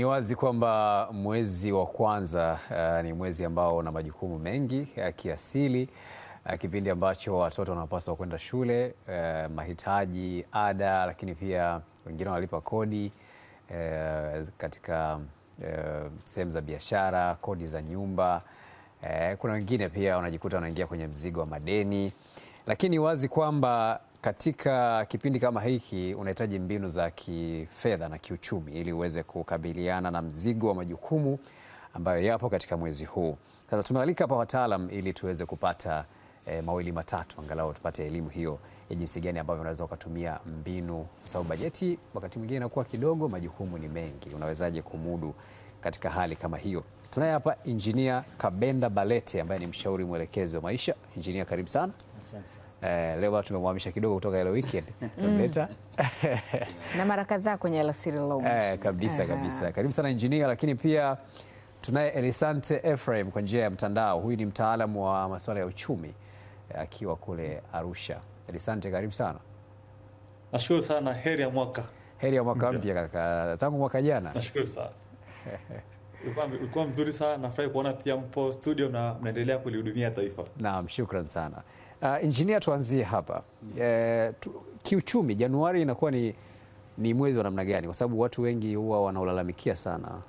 Ni wazi kwamba mwezi wa kwanza uh, ni mwezi ambao una majukumu mengi uh, kiasili uh, kipindi ambacho watoto wanapaswa kwenda shule uh, mahitaji, ada, lakini pia wengine wanalipa kodi uh, katika uh, sehemu za biashara, kodi za nyumba uh, kuna wengine pia wanajikuta wanaingia kwenye mzigo wa madeni, lakini wazi kwamba katika kipindi kama hiki unahitaji mbinu za kifedha na kiuchumi ili uweze kukabiliana na mzigo wa majukumu ambayo yapo katika mwezi huu. Sasa tumealika hapa wataalam ili tuweze kupata e, mawili matatu angalau tupate elimu hiyo ya jinsi gani ambavyo unaweza ukatumia mbinu, sababu bajeti wakati mwingine inakuwa kidogo, majukumu ni mengi. Unawezaje kumudu katika hali kama hiyo? Tunaye hapa Injinia Kabenda Balete ambaye ni mshauri mwelekezi wa maisha. Injinia, karibu sana. Asante sana. Eh, leo bado tumemhamisha kidogo kutoka ile weekend mm. tumleta na mara kadhaa kwenye Alasiri Lounge eh, kabisa kabisa. Karibu sana engineer, lakini pia tunaye Elisante Ephraim kwa njia ya mtandao. Huyu ni mtaalamu wa masuala ya uchumi eh, akiwa kule Arusha. Elisante, karibu sana. Nashukuru sana, heri ya mwaka. Heri ya mwaka mpya kaka, tangu mwaka jana. Nashukuru sana ulikuwa mzuri sana, nafurahi kuona pia mpo studio na mnaendelea kulihudumia taifa. Naam, shukran sana. Uh, injinia, tuanzie hapa uh, tu, kiuchumi Januari inakuwa ni, ni mwezi wa namna gani? Kwa sababu watu wengi huwa wanaolalamikia sana.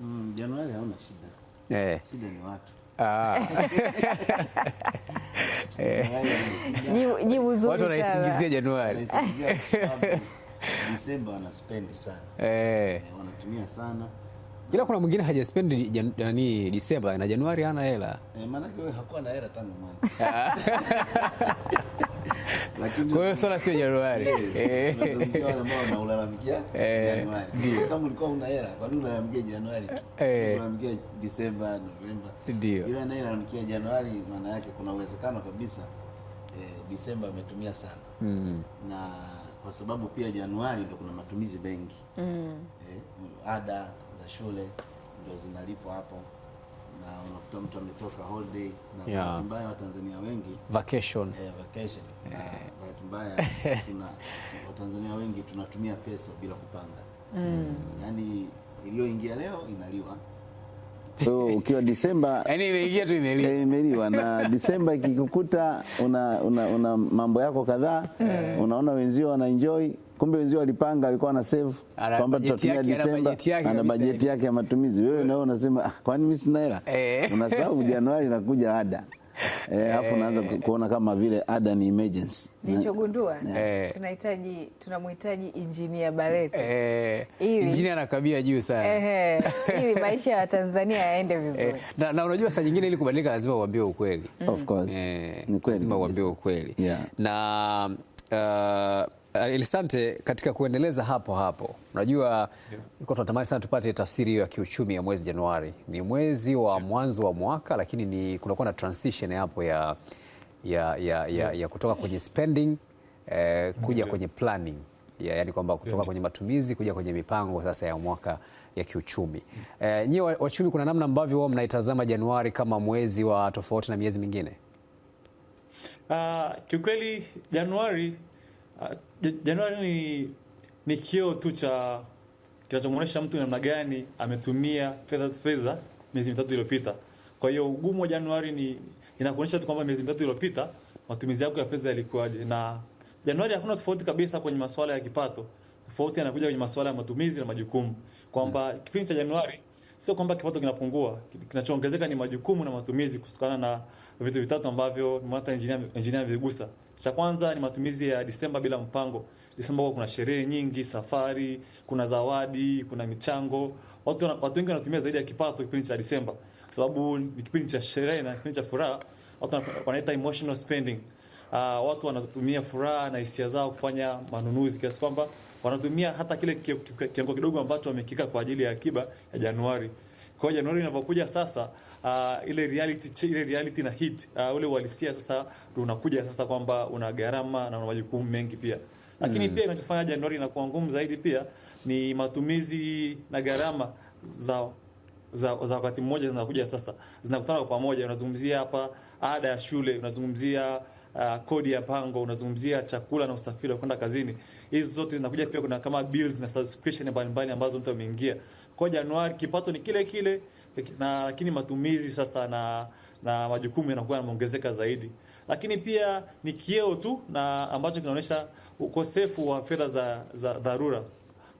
Mm, Januari hauna shida eh. Shida ni watu ah. eh. watu wanaisingizia Januari, Disemba wanaspendi sana eh, eh wanatumia sana Ila kuna mwingine hajaspendi nani Disemba na Januari ana hela. Eh, maana yake wewe hakuwa na hela tangu mwanzo. Lakini kwa hiyo swala sio Januari. Eh. eh. Wale ambao wanalalamikia eh. Januari. Ndio. Kama ulikuwa una hela, kwa nini unalalamikia Januari? Eh. Unalalamikia Disemba, Novemba. Ndio. Ila naye analalamikia Januari, maana yake kuna uwezekano kabisa eh, Disemba ametumia sana. Mm. Na kwa sababu pia Januari ndio kuna matumizi mengi. Mm. Eh, ada shule ndio zinalipwa hapo, na unakuta mtu ametoka holiday na yeah. Bahati mbaya Watanzania wengi vacation, eh, vacation. yeah. Na bahati mbaya tuna Watanzania wengi tunatumia pesa bila kupanga mm. yani iliyoingia leo inaliwa so ukiwa Disemba yani imeingia tu imeliwa eh, imeliwa na Disemba ikikukuta una, una, una mambo yako kadhaa mm. Unaona wenzio wana enjoy kumbe wenzio walipanga, alikuwa na save kwamba tutatumia Disemba, ana bajeti yake ya matumizi. Wewe nawe unasema ah, kwani mimi sina hela? Eh. Unasahau Januari inakuja ada eh, alafu eh. naanza kuona kama vile ada ni emergency. Nilichogundua tunahitaji tunamhitaji injinia Bareti, injinia anakabia juu sana ili maisha ya Tanzania yaende vizuri. Na unajua saa nyingine ili kubadilika lazima uambie ukweli, of course, ni kweli, lazima uambie ukweli na uh, uh, Elisante, katika kuendeleza hapo hapo, unajua yeah. Tunatamani sana tupate tafsiri hiyo ya kiuchumi ya mwezi Januari. Ni mwezi wa yeah. mwanzo wa mwaka, lakini ni kunakuwa na transition hapo ya, ya, ya, ya, ya kutoka kwenye spending eh, kuja yeah. kwenye planning ya, yani kwamba kutoka yeah. kwenye matumizi kuja kwenye mipango sasa ya mwaka ya kiuchumi mm. Eh, nyie wachumi, kuna namna ambavyo wao mnaitazama Januari kama mwezi wa tofauti na miezi mingine? Uh, kiukweli Januari uh, Januari ni kioo tu cha kinachomwonyesha mtu namna gani ametumia fedha fedha miezi mitatu iliyopita. Kwa hiyo ugumu wa Januari ni inakuonyesha tu kwamba miezi mitatu iliyopita matumizi yako ya fedha yalikuwaje, na Januari hakuna tofauti kabisa kwenye masuala ya kipato. Tofauti anakuja kwenye masuala ya matumizi na majukumu, kwamba kipindi cha Januari Sio kwamba kipato kinapungua, kinachoongezeka ni majukumu na matumizi, kutokana na vitu vitatu ambavyo hata engineer viligusa. Cha kwanza ni matumizi ya Disemba bila mpango. Disemba kuna sherehe nyingi, safari, kuna zawadi, kuna michango. Watu watu wengi wanatumia zaidi ya kipato kipindi cha Disemba, kwa sababu ni kipindi cha sherehe na kipindi cha furaha. Watu wanaita emotional spending. Uh, watu wanatumia furaha na hisia zao kufanya manunuzi kiasi kwamba wanatumia hata kile kiwango kidogo ambacho wamekika kwa ajili ya akiba ya Januari. Kwa hiyo Januari inapokuja sasa, uh, ile reality ile reality na hit uh, ule uhalisia sasa unakuja sasa kwamba una gharama na una majukumu mengi pia. Lakini hmm, pia inachofanya Januari inakuwa ngumu zaidi pia ni matumizi na gharama za za, za wakati mmoja zinakuja sasa zinakutana kwa pamoja. Unazungumzia hapa ada ya shule, unazungumzia uh, kodi ya pango, unazungumzia chakula na usafiri wa kwenda kazini. Hizi zote zinakuja pia, kuna kama bills na subscription mbalimbali ambazo mtu ameingia kwa Januari. Kipato ni kile kile na lakini matumizi sasa na na majukumu yanakuwa yameongezeka zaidi, lakini pia ni kieo tu na ambacho kinaonyesha ukosefu wa fedha za, za dharura.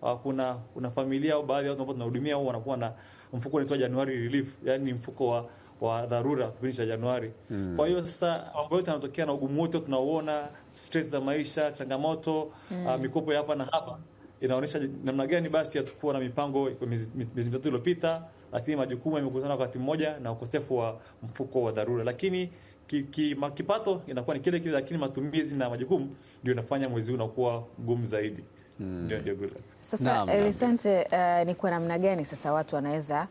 Uh, kuna kuna familia au baadhi ya watu ambao tunahudumia au wanakuwa na mfuko unaitwa January relief, yani mfuko wa wa dharura kipindi cha Januari mm. Kwa hiyo sasa mambo yote yanatokea na ugumu wote tunauona, stress za maisha, changamoto mm. uh, mikopo ya hapa na hapa inaonyesha namna gani basi hatukuwa na mipango miezi mitatu iliyopita, lakini majukumu yamekutana wakati mmoja na ukosefu wa mfuko wa dharura. Lakini ki, ki, kipato inakuwa ni kile kile, lakini matumizi na majukumu ndio inafanya mwezi huu unakuwa ngumu zaidi. Mm. Ndio, ndio. Sasa Elisante, eh, uh, eh, ni kwa namna gani sasa watu wanaweza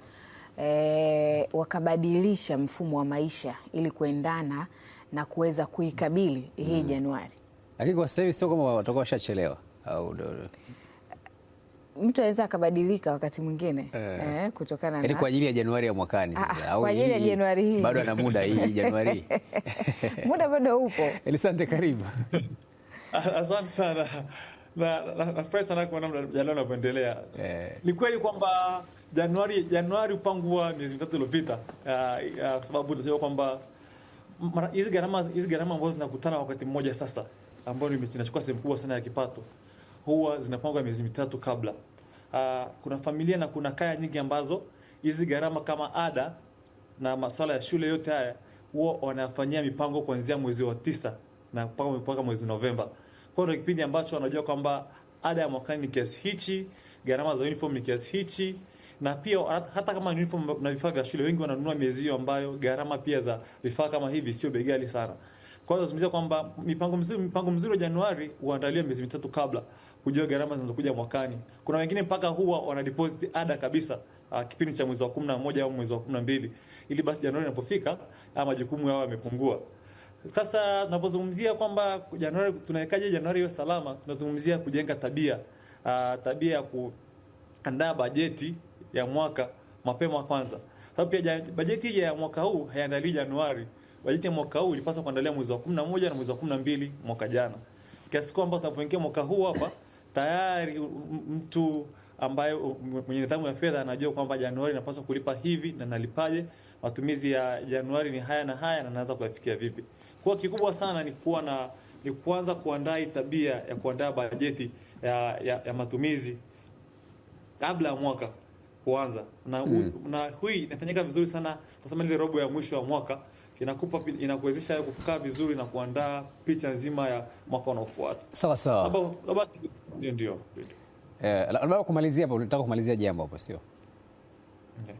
e, wakabadilisha mfumo wa maisha ili kuendana na kuweza kuikabili mm hii Januari. Lakini kwa sasa hivi sio kama watakuwa washachelewa au mtu anaweza akabadilika wakati mwingine eh, eh, kutokana yaani na kwa ajili ya Januari ya mwakani ah, sasa au kwa ajili ya Januari hii bado ana muda hii Januari muda bado upo. Elisante, karibu. Ah, asante sana na nafurahi sana kuona mjadala unapoendelea. Eh. Ni kweli kwamba Januari Januari upangua miezi mitatu iliyopita, uh, uh, sababu tunajua kwamba hizi gharama hizi gharama ambazo zinakutana wakati mmoja sasa, ambayo inachukua sehemu kubwa sana ya kipato, huwa zinapangwa miezi mitatu kabla. Uh, kuna familia na kuna kaya nyingi ambazo hizi gharama kama ada na masuala ya shule yote haya huwa wanafanyia mipango kuanzia mwezi wa tisa na mpaka mpaka mwezi Novemba. Kwa hiyo kipindi ambacho wanajua kwamba ada ya mwakani ni kiasi hichi, gharama za uniform ni kiasi hichi na pia hata kama uniform na vifaa vya shule, wengi wananunua miezi hiyo ambayo gharama pia za vifaa kama hivi sio bei ghali sana. Kwa hiyo tunazungumzia kwamba mipango mzuri, mipango mzuri wa Januari huandaliwa miezi mitatu kabla, kujua gharama zinazokuja mwakani. Kuna wengine mpaka huwa wana deposit ada kabisa uh, kipindi cha mwezi wa 11 au mwezi wa 12 ili basi Januari inapofika ama ah, majukumu yao yamepungua. Sasa tunapozungumzia kwamba Januari tunawekaje Januari iwe salama, tunazungumzia kujenga tabia uh, tabia ya kuandaa bajeti ya mwaka mapema kwanza, sababu pia bajeti ya mwaka huu haiandaliwi Januari. Bajeti ya mwaka huu ilipaswa kuandalia mwezi wa 11 na mwezi wa 12 mwaka jana, kiasi kwamba tunapoingia mwaka huu hapa tayari mtu ambaye mwenye nidhamu ya fedha anajua kwamba Januari inapaswa kulipa hivi na nalipaje, matumizi ya Januari ni haya na haya, na naanza kuyafikia vipi. Kwa kikubwa sana ni kuwa na ni kuanza kuandaa tabia ya kuandaa bajeti ya, ya, ya matumizi kabla ya mwaka kuanza na, mm. na hui inafanyika vizuri sana. Tasema ile robo ya mwisho wa mwaka inakupa inakuwezesha kukaa vizuri na kuandaa picha nzima ya mwaka unaofuata. Sawa sawa, ndio ndio. Eh, kumalizia hapo, nataka kumalizia jambo hapo, sio? Okay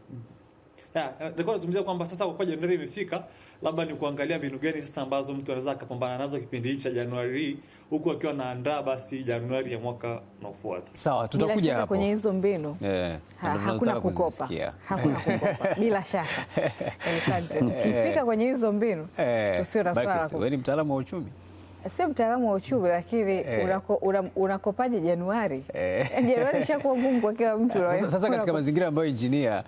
nilikuwa nazungumzia kwamba sasa kwa kuwa Januari imefika, labda ni kuangalia mbinu gani sasa ambazo mtu anaweza akapambana nazo kipindi hiki cha Januari huku akiwa anaandaa basi Januari ya mwaka unaofuata. Sawa, tutakuja hapo kwenye hizo mbinu. Yeah. Ha, hakuna kukopa, hakuna kukopa bila shaka eh, ukifika kwenye hizo mbinu eh, tusio na swala. Wewe ni mtaalamu wa uchumi Sio mtaalamu wa uchumi lakini eh, unako, unakopaje Januari eh? Januari ishakuwa ngumu kwa kila mtu. Sasa katika mazingira ambayo injinia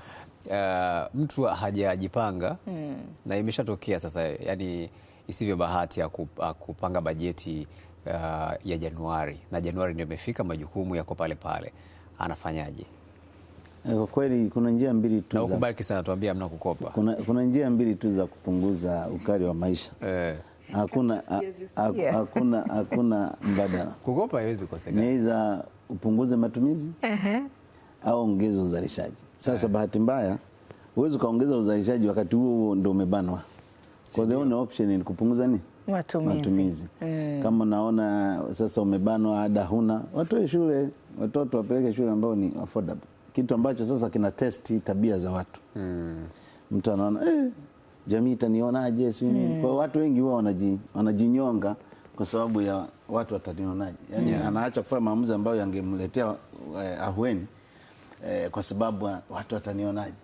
uh, mtu hajajipanga mm. na imeshatokea sasa, yani isivyo bahati ya kupanga bajeti uh, ya Januari na Januari ndio imefika, majukumu yako pale pale, anafanyaje? Eh, kwa kweli kuna njia mbili tu za ukubariki sana, tuambia mna kukopa. Kuna, kuna njia mbili tu za kupunguza ukali wa maisha eh. Hakuna ha, hakuna hakuna mbadala. Kukopa haiwezi kukosekana. Niweza upunguze matumizi uh -huh. au ongeze uzalishaji sasa bahati mbaya huwezi ukaongeza uzalishaji wakati huo huo ndio umebanwa. Kwa the only option ni kupunguza ni Matumizi. Matumizi. Mm. Kama naona sasa umebanwa ada huna, watoe shule, watoto wapeleke shule ambao ni affordable. Kitu ambacho sasa kina testi tabia za watu. Mm. Mtu anaona eh, jamii itanionaje sio Mm. Kwa watu wengi huwa wanaji, wanajinyonga kwa sababu ya watu watanionaje. Yaani yeah. Anaacha kufanya maamuzi ambayo yangemletea eh, ahueni eh, kwa sababu watu watanionaje.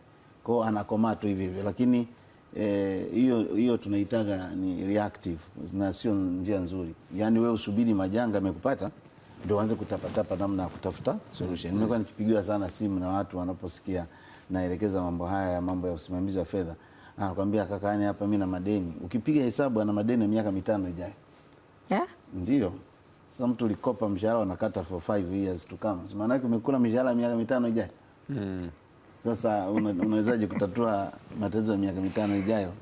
Kwa hiyo anakomaa tu hivi hivi, lakini eh, hiyo eh, hiyo tunaitaga ni reactive na sio njia nzuri. yani wewe usubiri majanga yamekupata ndio uanze kutapatapa namna ya kutafuta solution. Nimekuwa mm -hmm. nikipigiwa sana simu na watu wanaposikia naelekeza mambo haya ya mambo ya usimamizi wa fedha, anakwambia yani hapa mimi na madeni, ukipiga hesabu ana madeni ya miaka mitano ijayo, yeah? Ndio. Sasa mtu ulikopa mshahara unakata for five years to come, maana yake umekula mishahara miaka mitano ijayo mm. Sasa unawezaje kutatua matatizo ya miaka mitano ijayo?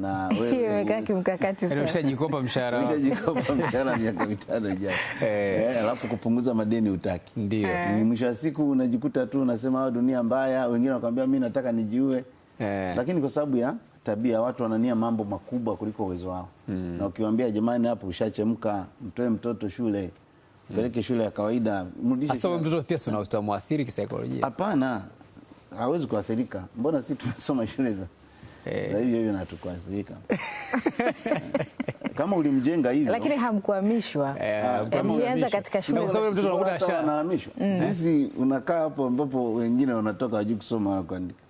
na weka kimkakati yaani mshahara mshahara miaka mitano ijayo, eh. Eh, alafu kupunguza madeni utaki, ndio eh. mwisho wa siku unajikuta tu unasema oh, dunia mbaya. Wengine wanakwambia mimi nataka nijiue, lakini kwa sababu ya tabia, watu wanania mambo makubwa kuliko uwezo wao mm. na ukiwaambia jamani, hapo ushachemka, mtoe mtoto shule peleke shule ya kawaida, mrudishe. Sasa mtoto pia si utamwathiri kisaikolojia? Hapana, hawezi kuathirika. Mbona sisi tunasoma shule za sasa eh. hivi hivyo kama ulimjenga hivyo, lakini hamkuhamishwa. Eh, ah, Mlianza katika shule, kwa sababu mtoto anakuta anahamishwa. Mm. Sisi unakaa hapo ambapo wengine wanatoka hawajui kusoma wala kuandika.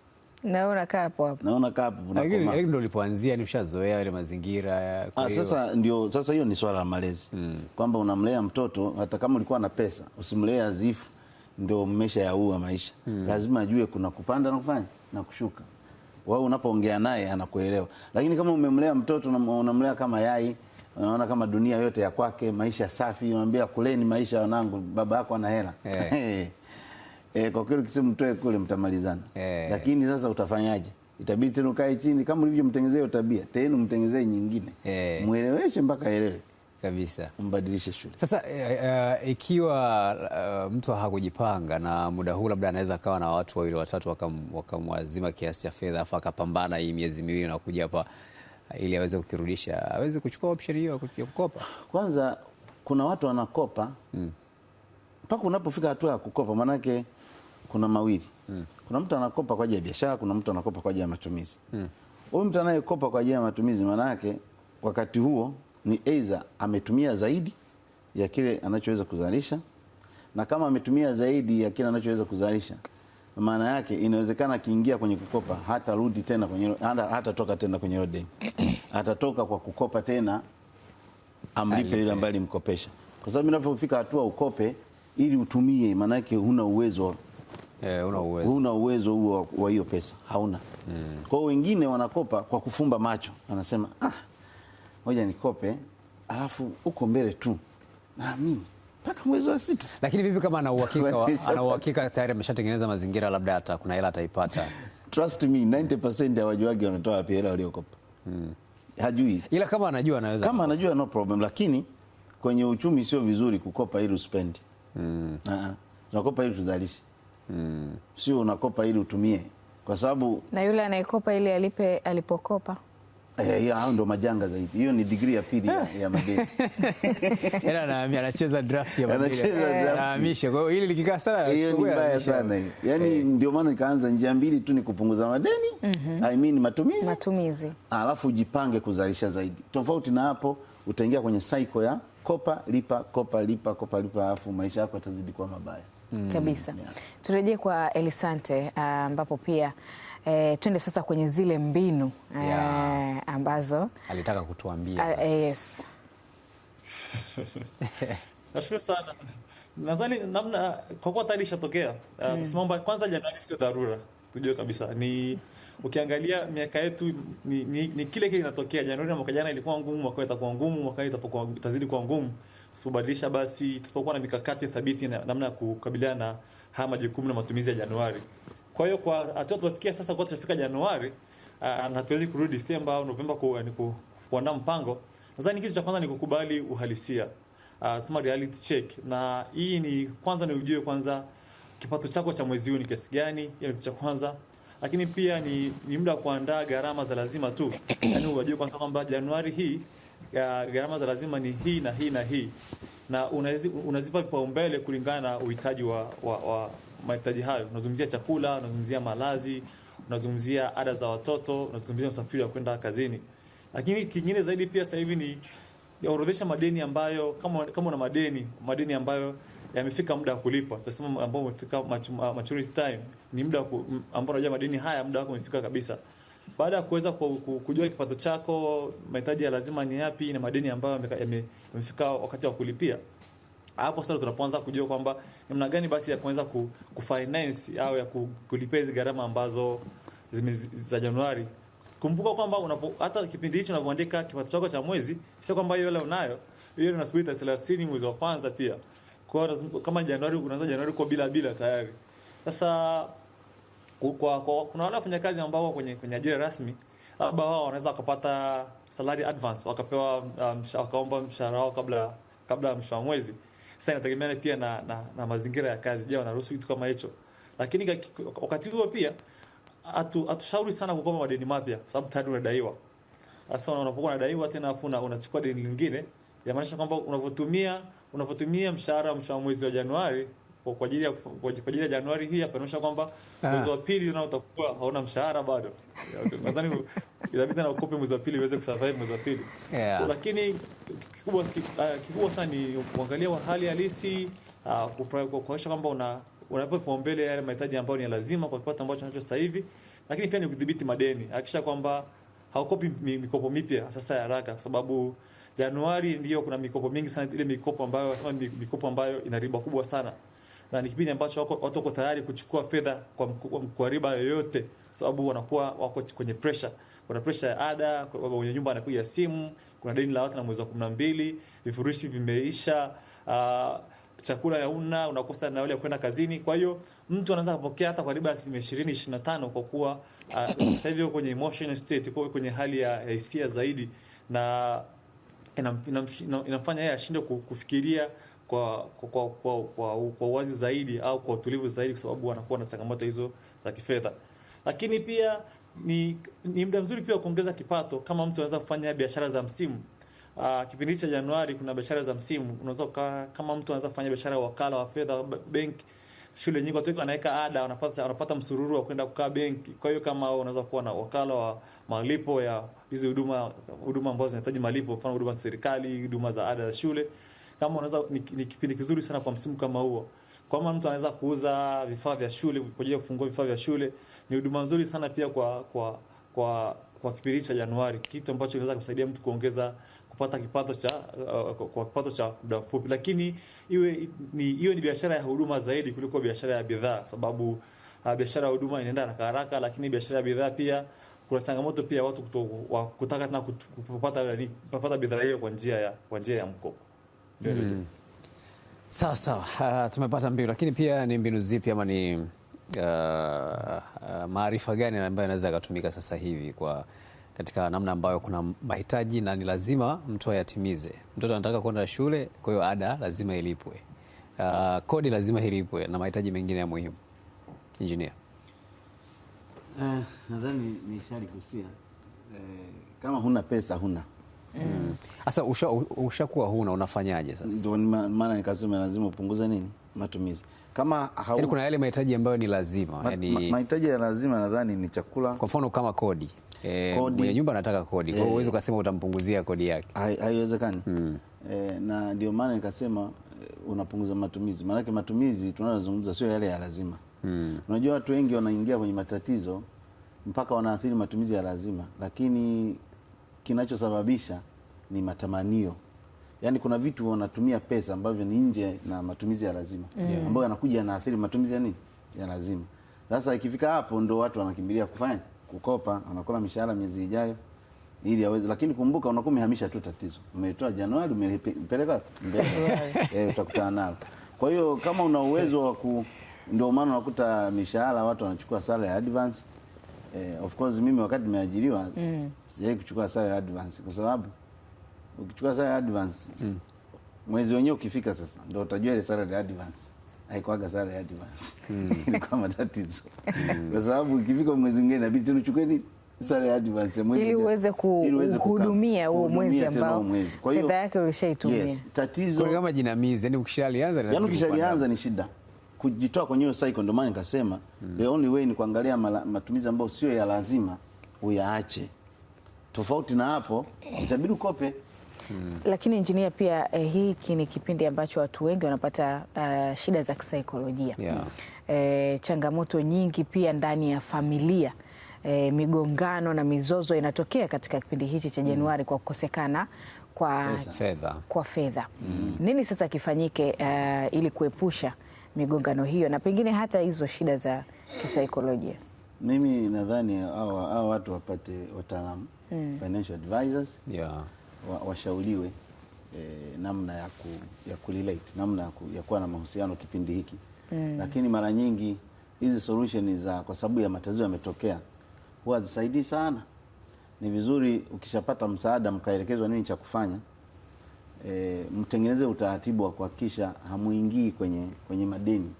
Naona kaa hapo hapo. Naona kaa hapo. Lakini ndio ulipoanzia ni ushazoea ile mazingira. Ah, sasa ndio sasa hiyo ni swala la malezi. Mm. Kwamba unamlea mtoto hata kama ulikuwa na pesa, usimlee azifu ndio mmesha yaua maisha. Mm. Lazima ajue kuna kupanda na kufanya na kushuka. Wewe unapoongea naye anakuelewa. Lakini kama umemlea mtoto unamlea kama yai, unaona kama dunia yote ya kwake, maisha safi, unamwambia kuleni maisha wanangu, baba yako ana hela. Yeah. Eh e, kwa kweli ukisema mtoe kule mtamalizana e. Lakini sasa utafanyaje? Itabidi tena ukae chini, kama ulivyomtengenezea hiyo tabia, tena umtengenezee nyingine e. Mweleweshe mpaka aelewe kabisa mbadilishe shule. Sasa ikiwa uh, uh, mtu hakujipanga na muda huu, labda anaweza akawa na watu wawili watatu wakamwazima waka kiasi cha fedha, afu akapambana hii miezi miwili na kuja hapa ili aweze kukirudisha, aweze kuchukua option hiyo ya kukopa. Kwanza kuna watu wanakopa hmm. mpaka mm. unapofika hatua ya kukopa, maanake kuna mawili mm. Kuna mtu anakopa kwa ajili ya biashara, kuna mtu anakopa kwa ajili ya matumizi. Huyu mm. mtu anayekopa kwa ajili ya matumizi, maana yake wakati huo ni aidha ametumia zaidi ya kile anachoweza kuzalisha, na kama ametumia zaidi ya kile anachoweza kuzalisha, maana yake inawezekana akiingia kwenye kukopa hata rudi tena kwenye hata toka tena kwenye deni atatoka kwa kukopa tena amlipe yule ambaye alimkopesha, kwa sababu inavyofika hatua ukope ili utumie, maana yake huna uwezo yeah, una uwezo, huo wa hiyo pesa hauna. Mm. Kwa hiyo wengine wanakopa kwa kufumba macho, anasema ah, ngoja nikope, alafu uko mbele tu naamini mpaka mwezi wa sita. Lakini vipi kama ana uhakika ana uhakika tayari ameshatengeneza mazingira, labda hata kuna hela ataipata? Trust me 90% ya wajuaji wanatoa wapi hela waliokopa. Mm. Hajui, ila kama anajua anaweza, kama anajua no problem, lakini kwenye uchumi sio vizuri kukopa ili uspendi. Mm. Tunakopa ah, ah. ili tuzalishe mm. Sio unakopa ili utumie, kwa sababu na yule anayekopa ili alipe alipokopa eh, hao ndo majanga zaidi. Hiyo ni digrii ya pili ya madeni, yaani anacheza draft ya madeni, anahamisha. Eh. Kwa hiyo hili likikaa sana, hiyo ni mbaya sana hiyo. Yani eh. ndio maana nikaanza njia mbili tu, ni kupunguza madeni mm -hmm. I mean matumizi, matumizi, alafu ujipange kuzalisha zaidi. Tofauti na hapo, utaingia kwenye cycle ya kopa lipa, kopa lipa, kopa lipa, alafu maisha yako yatazidi kuwa mabaya mm, kabisa yeah. Turejee kwa Elisante ah, ambapo uh, pia E, twende sasa kwenye zile mbinu eh, yeah. e, ambazo alitaka kutuambia. Ah, yes. Nashukuru sana, nadhani namna kwa kuwa tayari ishatokea uh, mm. Simamba kwanza, Januari sio dharura, tujue kabisa ni ukiangalia miaka yetu ni, ni, ni kile kile inatokea. Januari mwaka jana ilikuwa ngumu, mwaka itakuwa ngumu, mwaka itapokuwa itazidi kuwa ngumu. Tusipobadilisha basi, tusipokuwa na mikakati thabiti na namna ya kukabiliana na haya majukumu na matumizi ya Januari. Kwa hiyo kwa hatua tulifikia sasa, kwa tutafika Januari ah, ah, na tuwezi kurudi Desemba au Novemba eh, ku, kuandaa mpango. Nadhani kitu cha kwanza ni kukubali uhalisia uh, ah, tuma reality check, na hii ni kwanza, ni ujue kwanza kipato chako cha mwezi huu ni kiasi gani. Hiyo ni kitu cha kwanza lakini pia ni, ni muda wa kuandaa gharama za lazima tu, yaani kwa sababu kwamba Januari hii gharama za lazima ni hii na hii na hii, na unazipa vipaumbele kulingana na uhitaji wa, wa, wa mahitaji hayo. Unazungumzia chakula, unazungumzia malazi, unazungumzia ada za watoto, unazungumzia usafiri wa kwenda kazini. Lakini kingine zaidi pia sasa hivi ni orodhesha madeni ambayo kama, kama una madeni madeni ambayo yamefika muda wa kulipa. tunasema ambao umefika maturity time, ni muda ambao unajua madeni haya muda wako umefika kabisa. Baada ya kuweza kujua kipato chako, mahitaji ya lazima ni yapi na madeni ambayo yamefika wakati wa kulipia, hapo sasa tunapoanza kujua kwamba namna gani basi ya kuweza kufinance au ya kulipia hizo gharama ambazo za Januari. Kumbuka kwamba unapo hata kipindi hicho unapoandika kipato chako cha mwezi, sio kwamba hiyo leo unayo, hiyo unasubiri tarehe 30 mwezi wa kwanza pia. Kwa hiyo kama Januari kunaanza Januari kwa bila bila tayari. Sasa kwa, kwa kuna wale wafanyakazi ambao wako kwenye kwenye ajira rasmi labda wao wanaweza wakapata salary advance wakapewa um, wakaomba mshahara wao kabla kabla mwisho wa mwezi. Sasa inategemeana pia na, na, na mazingira ya kazi. Je, wanaruhusu kitu kama hicho? Lakini wakati huo pia atu atushauri sana kukopa madeni mapya, sababu tayari unadaiwa. Sasa unapokuwa unadaiwa tena afu unachukua deni lingine, yamaanisha kwamba unavyotumia unapotumia mshahara wa mwezi wa Januari kwa ajili ya kwa ajili ya Januari hii hapa inaonyesha kwamba ah. mwezi wa pili nao utakuwa hauna mshahara bado. Nadhani inabidi na ukope mwezi wa pili uweze kusurvive mwezi wa pili. Yeah. Lakini kikubwa ah, kikubwa sana ni kuangalia wa hali halisi uh, kuhakikisha kwamba una unapa kipaumbele yale mahitaji ambayo ni lazima kwa kipato ambacho unacho sasa hivi, lakini pia ni kudhibiti madeni. Hakikisha kwamba haukopi mikopo mipya sasa ya haraka kwa sababu Januari ndio kuna mikopo mingi sana, ile mikopo ambayo wanasema mikopo ambayo ina riba kubwa sana, na ni kipindi ambacho watu wako tayari kuchukua fedha kwa, kwa kwa riba yoyote, sababu wanakuwa wako kwenye pressure. Kuna pressure ya ada, mwenye nyumba anapiga simu, kuna deni la watu na mwezi wa kumi na mbili, vifurushi vimeisha, uh, chakula hauna, unakosa nauli ya kwenda kazini. Kwa hiyo mtu anaweza kupokea hata kwa riba ya asilimia ishirini ishirini na tano kwa kuwa uh, sasa hivi kwenye emotional state, kwa kwenye hali ya hisia zaidi na inamfanya yeye ashinde kufikiria kwa kwa, kwa, kwa, kwa kwa uwazi zaidi au kwa utulivu zaidi, kwa sababu anakuwa na changamoto hizo za kifedha. Lakini pia ni, ni muda mzuri pia kuongeza kipato kama mtu anaweza kufanya biashara za msimu. Uh, kipindi cha Januari kuna biashara za msimu. Unaweza kama mtu anaweza kufanya biashara ya wakala wa fedha benki. Shule nyingi watu wanaweka ada, wanapata wanapata msururu wa kwenda kukaa benki. Kwa hiyo kama unaweza kuwa na wakala wa malipo ya hizi huduma huduma ambazo zinahitaji malipo, mfano huduma za serikali, huduma za ada za shule, kama unaweza ni, ni kipindi kizuri sana kwa msimu kama huo kwa maana mtu anaweza kuuza vifaa vya shule kwa ajili ya kufungua vifaa vya shule. Ni huduma nzuri sana pia kwa kwa kwa kwa kipindi cha Januari, kitu ambacho kinaweza kumsaidia mtu kuongeza kupata kipato cha uh, kwa kipato cha muda mfupi, lakini iwe ni hiyo ni biashara ya huduma zaidi kuliko biashara ya bidhaa, sababu uh, biashara ya huduma inaenda haraka haraka, lakini biashara ya bidhaa pia kuna changamoto pia watu kuto, kutaka tena kupata kupata bidhaa hiyo kwa njia ya kwa njia ya mkopo. Mm. Sawa sawa. Uh, tumepata mbinu, lakini pia ni mbinu zipi ama ni uh, uh, maarifa gani ambayo yanaweza yakatumika sasa hivi kwa katika namna ambayo kuna mahitaji na ni lazima mtu ayatimize. Mtoto anataka kwenda shule, kwa hiyo ada lazima ilipwe, uh, kodi lazima ilipwe na mahitaji mengine ya muhimu. Engineer. Eh, nadhani nishaligusia eh, kama huna pesa huna sasa mm. mm. Ushakuwa usha huna unafanyaje sasa? Ndio maana nikasema lazima upunguze nini matumizi kama hau... yani kuna yale mahitaji ambayo ni lazima ma, yani... mahitaji ya lazima nadhani ni chakula, kwa mfano kama kodi eh, kodi. Mwenye nyumba anataka kodi, kwa hiyo eh. ukasema utampunguzia kodi yake, haiwezekani mm. eh, na ndio maana nikasema eh, unapunguza matumizi, maanake matumizi tunayozungumza sio yale ya lazima mm. Unajua watu wengi wanaingia kwenye matatizo mpaka wanaathiri matumizi ya lazima, lakini kinachosababisha ni matamanio. Yaani kuna vitu wanatumia pesa ambavyo ni nje na matumizi ya lazima mm. ambayo yanakuja yanaathiri matumizi ya nini ya lazima. Sasa ikifika hapo ndo watu wanakimbilia kufanya kukopa, anakula mishahara miezi ijayo ili aweze. Lakini kumbuka, unakuwa umehamisha tu tatizo, umeitoa Januari, umepeleka mbele, eh, utakutana nalo. Kwa hiyo kama una uwezo wa ku ndio maana unakuta mishahara watu wanachukua salary advance. Eh, of course mimi wakati nimeajiriwa mm. sijai kuchukua salary advance kwa sababu ukichukua salary advance mm. mwezi wenyewe ukifika sasa ndio utajua ile salary advance haikuaga salary advance mm. ilikuwa matatizo mm. kwa sababu ukifika mwezi mwingine inabidi tena uchukue nini salary advance mwezi ili uweze kuhudumia huo mwezi ambao fedha yake ulishaitumia. Yes, tatizo kwa kama jinamizi, yani ukishalianza yani ukishalianza ni shida mm kujitoa kwenye hiyo cycle. Ndio maana nikasema mm. the only way ni kuangalia matumizi ambayo sio ya lazima uyaache, tofauti na hapo itabidi ukope. Hmm. Lakini injinia pia eh, hiki ni kipindi ambacho watu wengi wanapata uh, shida za kisaikolojia yeah. Eh, changamoto nyingi pia ndani ya familia eh, migongano na mizozo inatokea katika kipindi hichi cha hmm. Januari hmm. kwa kukosekana kwa fedha kwa fedha hmm. Nini sasa kifanyike uh, ili kuepusha migongano hiyo na pengine hata hizo shida za kisaikolojia? Mimi nadhani hawa watu wapate wataalamu mm. financial advisors yeah. wa, eh, namna ya, ku, ya relate, namna ya, ku, ya kuwa na mahusiano kipindi hiki mm. Lakini mara nyingi hizi solution za kwa sababu ya matatizo yametokea huwa zisaidii sana. Ni vizuri ukishapata msaada mkaelekezwa nini cha kufanya e, mtengeneze utaratibu wa kuhakikisha hamuingii kwenye, kwenye madeni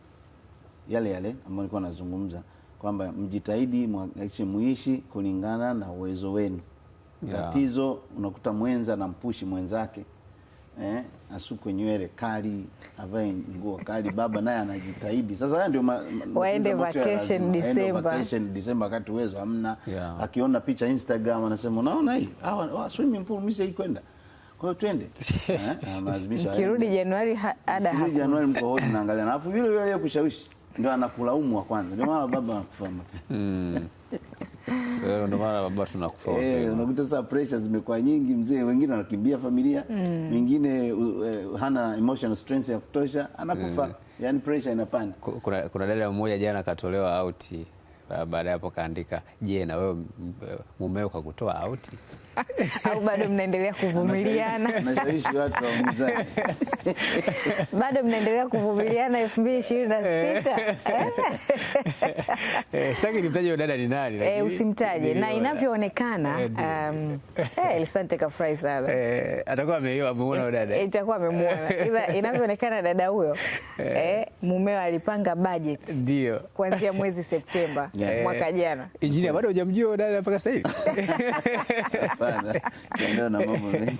yale yale ambayo nilikuwa nazungumza kwamba mjitahidi mhakikishe muishi kulingana na uwezo wenu. Yeah. Tatizo unakuta mwenza na mpushi mwenzake eh, asukwe nywele kali, avae nguo kali, baba naye anajitahidi. Sasa haya ndio waende vacation December, vacation December, wakati uwezo hamna. Yeah. Akiona picha Instagram anasema unaona hii hawa swimming pool mimi sikwenda. Kwa hiyo twende. Eh, Maadhimisho. Kirudi Januari ada hapo. Januari mko wote mnaangalia. Alafu yule yule aliyekushawishi ndio anakulaumu wa kwanza. Ndio maana baba anakufa. Mm. Ndio maana baba tunakufa. Eh, unakuta sasa pressure zimekuwa nyingi mzee, wengine wanakimbia familia, hmm. mwingine e, hana emotional strength ya kutosha, anakufa. Mm. Yaani pressure inapanda. Kuna kuna dada mmoja jana katolewa out. Baada ya hapo kaandika, je, na wewe mumeo kakutoa auti? au bado mnaendelea kuvumiliana? bado mnaendelea kuvumiliana elfu mbili ishirini na sita eh, sitaki nimtaje dada ni nani, eh, usimtaje na inavyoonekana eh, um, eh, Elisante kafurahi sana eh, atakuwa ameona eh, dada itakuwa amemwona, inavyoonekana dada huyo eh, mumeo alipanga bajeti ndio kuanzia mwezi Septemba mwaka jana. Injinia, bado hujamjua dada mpaka sasa hivi? na mambo mengi.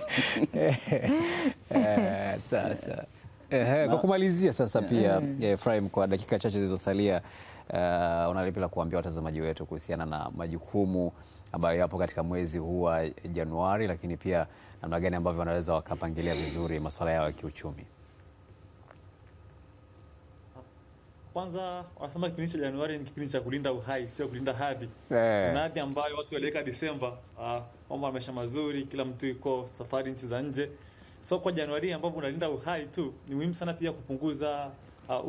Eh, sasa eh, kwa kumalizia sasa pia eh. Efraim, kwa dakika chache zilizosalia, una lipi la kuambia watazamaji wetu kuhusiana na majukumu ambayo yapo katika mwezi huu wa Januari, lakini pia namna gani ambavyo wanaweza wakapangilia vizuri masuala yao ya kiuchumi? Kwanza wanasema kipindi cha Januari ni kipindi cha kulinda uhai, sio kulinda hadhi. Yeah. Kuna hadhi ambayo watu waliweka Disemba, ah, mambo ya maisha mazuri, kila mtu yuko safari nchi za nje. So kwa Januari ambapo unalinda uhai tu, ni muhimu sana pia kupunguza ah,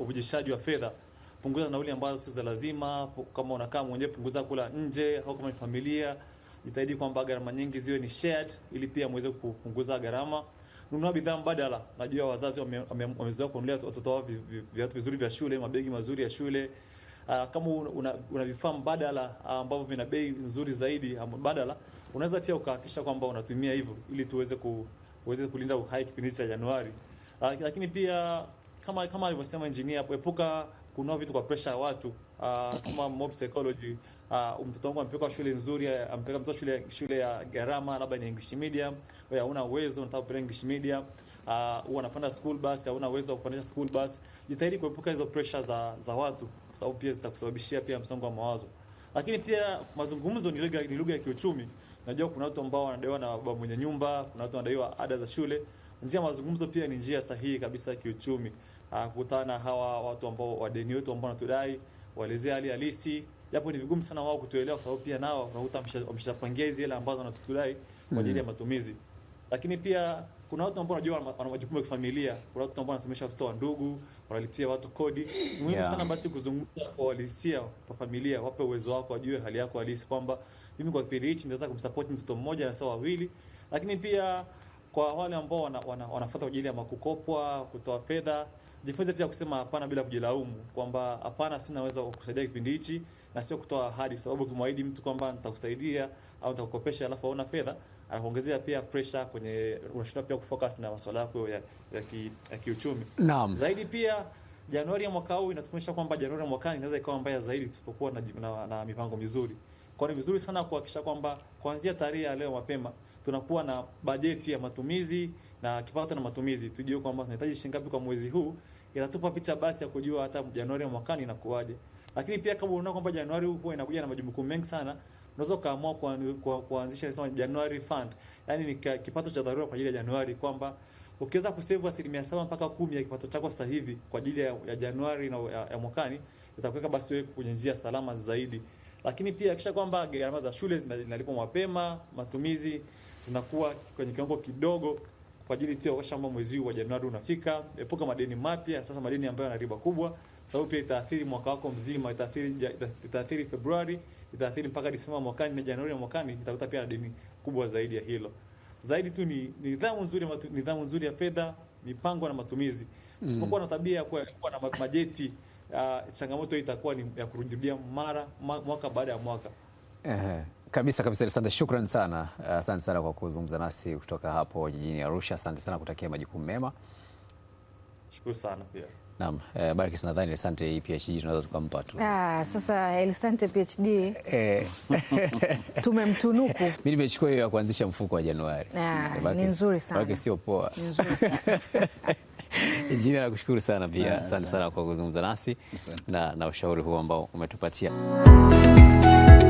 uvujishaji uh, uh, wa fedha. Punguza nauli ambazo sio za lazima, kama unakaa mwenyewe punguza kula nje au kama ni familia, jitahidi kwamba gharama nyingi ziwe ni shared ili pia muweze kupunguza gharama kununua bidhaa mbadala. Najua wazazi wamezoea kununulia watoto wao viatu vizuri vya shule, mabegi mazuri ya shule. Uh, kama una, una vifaa mbadala ah, ambavyo vina bei nzuri zaidi ah, mbadala, unaweza pia ukahakikisha kwamba unatumia hivyo ili tuweze ku, uweze kulinda uhai kipindi cha Januari. Uh, lakini pia kama kama alivyosema engineer, epuka kununua vitu kwa pressure ya watu. Uh, sema mob psychology uh, mtoto wangu ampeleka shule nzuri, ampeleka mtoto shule shule ya gharama, labda ni English medium, wewe hauna uwezo, unataka kupeleka English medium uh, ah, unapanda school bus, hauna uwezo wa kupandisha school bus. Jitahidi kuepuka hizo pressure za za watu, kwa sababu pia zitakusababishia pia msongo wa mawazo. Lakini pia mazungumzo ni lugha ni lugha ya kiuchumi. Najua kuna watu ambao wanadaiwa na baba mwenye nyumba, kuna watu wanadaiwa ada za shule. Njia ya mazungumzo pia ni njia sahihi kabisa ya kiuchumi, ah, kukutana uh, na hawa watu ambao wadeni wetu ambao wanatudai, waelezea hali halisi japo ni vigumu sana wao kutuelewa, kwa sababu pia nao unakuta wameshapangia hizi hela ambazo wanazitudai kwa ajili ya mm. matumizi. Lakini pia kuna watu ambao unajua wana majukumu ya kifamilia, kuna watu ambao wanasomesha watoto wa ndugu, wanalipia watu kodi. Ni muhimu yeah. sana basi kuzungumza kwa uhalisia kwa familia, wape uwezo wako, wajue hali yako halisi, kwamba mimi kwa kipindi hichi nitaweza kumsupport mtoto mmoja na sio wawili. Lakini pia kwa wale ambao wana, wana, wanafuata kwa ajili ya makukopwa, kutoa fedha, jifunze pia kusema hapana bila kujilaumu, kwamba hapana, sina uwezo wa kukusaidia kipindi hichi na sio kutoa ahadi, sababu ukimwahidi mtu kwamba nitakusaidia au nitakukopesha alafu hauna fedha, anakuongezea pia pressure kwenye, unashindwa pia kufocus na masuala yako ya, ya, ki, ya kiuchumi. Naam. Zaidi pia Januari ya mwaka huu inatuonyesha kwamba Januari ya mwakani inaweza ikawa mbaya zaidi tusipokuwa na, na, na mipango mizuri. Kwa ni vizuri sana kuhakikisha kwamba kuanzia tarehe ya leo mapema tunakuwa na bajeti ya matumizi na kipato na matumizi, tujue kwamba tunahitaji shilingi ngapi kwa mwezi huu, inatupa picha basi ya kujua hata Januari ya mwakani inakuwaje. Lakini pia kama unaona kwamba Januari huwa inakuja na majukumu mengi sana, unaweza ukaamua kuanzisha kwa, kwa kwa January fund, yani ni kipato cha dharura kwa ajili ya Januari, kwamba ukiweza kusave asilimia saba mpaka kumi ya kipato chako sasa hivi kwa ajili ya, ya Januari na ya, ya mwakani itakuweka basi wewe kwenye njia salama zaidi. Lakini pia hakikisha kwamba gharama za shule zinalipwa mapema, matumizi zinakuwa kwenye kiwango kidogo kwa ajili tu ya kwamba mwezi wa Januari unafika. Epuka madeni mapya, sasa madeni ambayo yana riba kubwa sababu pia itaathiri mwaka wako mzima, itaathiri itaathiri Februari, itaathiri mpaka Disemba mwakani na Januari mwakani, itakuta pia na deni kubwa zaidi ya hilo. Zaidi tu ni nidhamu nzuri, nidhamu nzuri ya fedha, mipango na matumizi. Usipokuwa mm. na tabia ya kuwa na majeti uh, changamoto itakuwa ni ya kurudia mara mwaka baada ya mwaka. Ehe. Kabisa kabisa, asante. Shukrani sana. Asante sana kwa kuzungumza nasi kutoka hapo jijini Arusha. Asante sana, kutakia majukumu mema. Shukrani sana pia. Naam, eh, Barkis nadhani Elisante PhD tunaweza tukampa tu. Ah, sasa Elisante PhD eh. Tumemtunuku. Mimi nimechukua hiyo ya kuanzisha mfuko wa Januari. Ah, eh, ni nzuri sana. Barkis sio poa. Ni nzuri sana. Jina la kushukuru sana pia. Ah, asante sana kwa kuzungumza nasi na, na ushauri huu ambao umetupatia.